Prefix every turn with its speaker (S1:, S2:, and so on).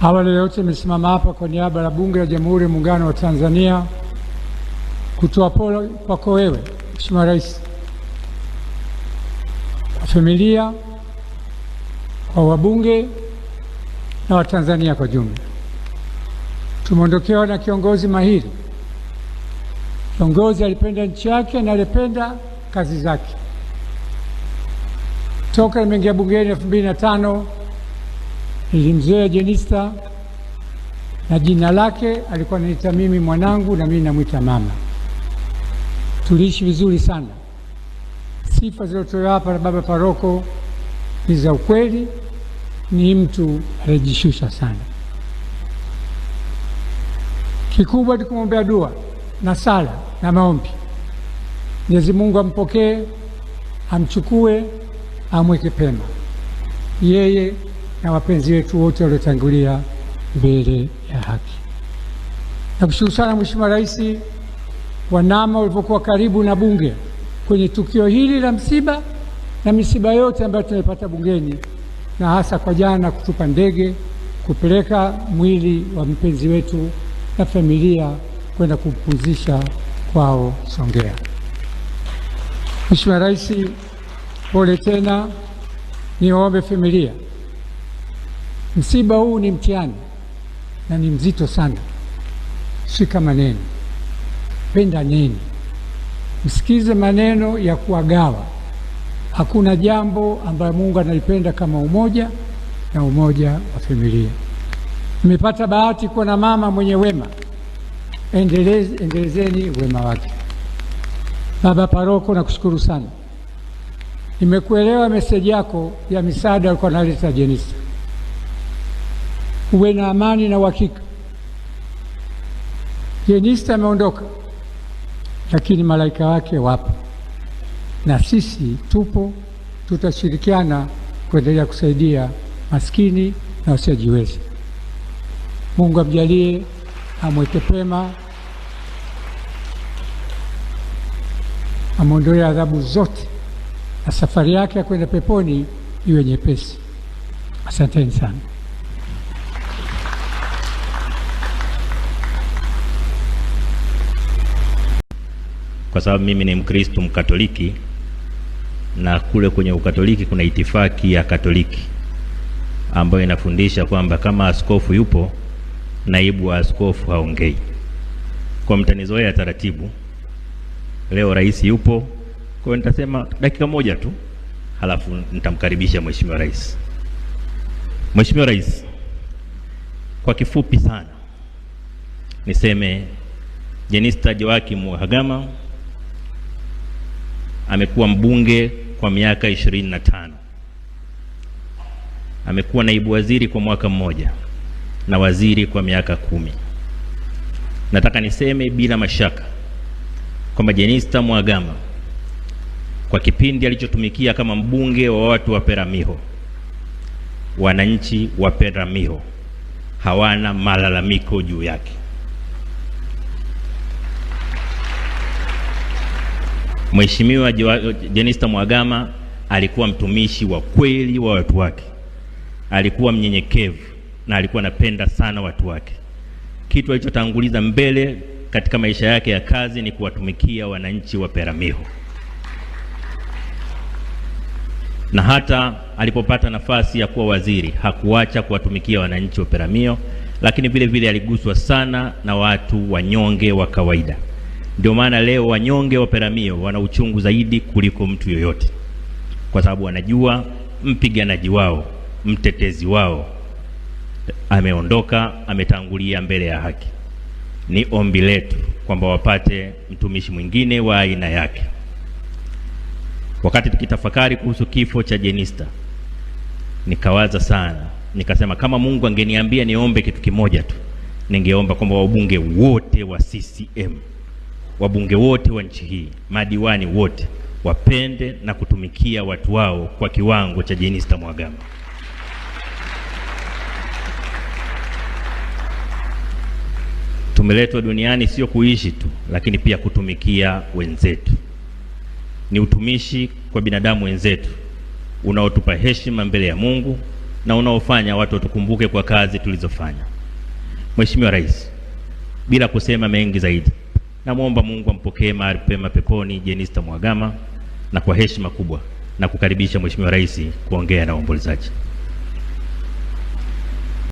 S1: Awali yote nimesimama hapa kwa niaba ya Bunge la Jamhuri ya Muungano wa Tanzania kutoa pole kwako wewe Mheshimiwa Rais, kwa familia, kwa wabunge na Watanzania kwa jumla. Tumeondokewa na kiongozi mahiri, kiongozi alipenda nchi yake na alipenda kazi zake. Toka nimeingia bungeni elfu mbili na tano ili mzee Jenista, na jina lake alikuwa ananiita mimi mwanangu, na mimi namwita mama. Tuliishi vizuri sana. Sifa zilizotolewa hapa na baba paroko ni za ukweli, ni mtu alijishusha sana. Kikubwa ni kumwombea dua na sala na maombi. Mwenyezi Mungu ampokee, amchukue, amweke pema yeye na wapenzi wetu wote waliotangulia mbele ya haki. Nakushukuru sana Mheshimiwa Rais, wanama walivyokuwa karibu na Bunge kwenye tukio hili la msiba na misiba yote ambayo tumepata bungeni na hasa kwa jana kutupa ndege kupeleka mwili wa mpenzi wetu na familia kwenda kumpumzisha kwao Songea. Mheshimiwa Rais, pole tena, niwaombe familia Msiba huu ni mtihani na ni mzito sana. Shika maneno, penda nini, msikize maneno ya kuwagawa. Hakuna jambo ambayo Mungu analipenda kama umoja na umoja wa familia. Mmepata bahati kuwa na mama mwenye wema, endeleze, endelezeni wema wake. Baba Paroko, nakushukuru sana, nimekuelewa meseji yako ya misaada alikuwa analeta Jenista uwe na amani na uhakika. Jenista ameondoka, lakini malaika wake wapo na sisi tupo, tutashirikiana kuendelea kusaidia maskini na wasiojiweza. Mungu amjalie, amweke pema, amwondolee adhabu zote na safari yake ya kwenda peponi iwe nyepesi. Asanteni sana.
S2: kwa sababu mimi ni Mkristo Mkatoliki na kule kwenye Ukatoliki kuna itifaki ya Katoliki ambayo inafundisha kwamba kama askofu yupo, naibu wa askofu haongei. Kwa mtanizoea taratibu, leo rais yupo, kwa hiyo nitasema dakika moja tu, halafu nitamkaribisha Mheshimiwa Rais. Mheshimiwa Rais, kwa kifupi sana niseme Jenista Joakim Mhagama amekuwa mbunge kwa miaka ishirini na tano amekuwa naibu waziri kwa mwaka mmoja na waziri kwa miaka kumi. Nataka niseme bila mashaka kwamba Jenista Mhagama kwa kipindi alichotumikia kama mbunge wa watu wa Peramiho, wananchi wa Peramiho hawana malalamiko juu yake. Mheshimiwa Jenista Mhagama alikuwa mtumishi wa kweli wa watu wake, alikuwa mnyenyekevu na alikuwa anapenda sana watu wake. Kitu alichotanguliza mbele katika maisha yake ya kazi ni kuwatumikia wananchi wa Peramiho, na hata alipopata nafasi ya kuwa waziri hakuacha kuwatumikia wananchi wa Peramiho, lakini vile vile aliguswa sana na watu wanyonge wa kawaida. Ndio maana leo wanyonge wa Peramiho wana uchungu zaidi kuliko mtu yoyote, kwa sababu wanajua mpiganaji wao, mtetezi wao ameondoka, ametangulia mbele ya haki. Ni ombi letu kwamba wapate mtumishi mwingine wa aina yake. Wakati tukitafakari kuhusu kifo cha Jenista, nikawaza sana, nikasema kama Mungu angeniambia niombe kitu kimoja tu, ningeomba kwamba wabunge wote wa CCM wabunge wote wa nchi hii, madiwani wote wapende na kutumikia watu wao kwa kiwango cha Jenista Mhagama. Tumeletwa duniani sio kuishi tu, lakini pia kutumikia wenzetu. Ni utumishi kwa binadamu wenzetu unaotupa heshima mbele ya Mungu na unaofanya watu watukumbuke kwa kazi tulizofanya. Mheshimiwa Rais, bila kusema mengi zaidi Namwomba Mungu ampokee mahali pema peponi Jenista Mhagama na kwa heshima kubwa na kukaribisha Mheshimiwa Rais kuongea na waombolezaji.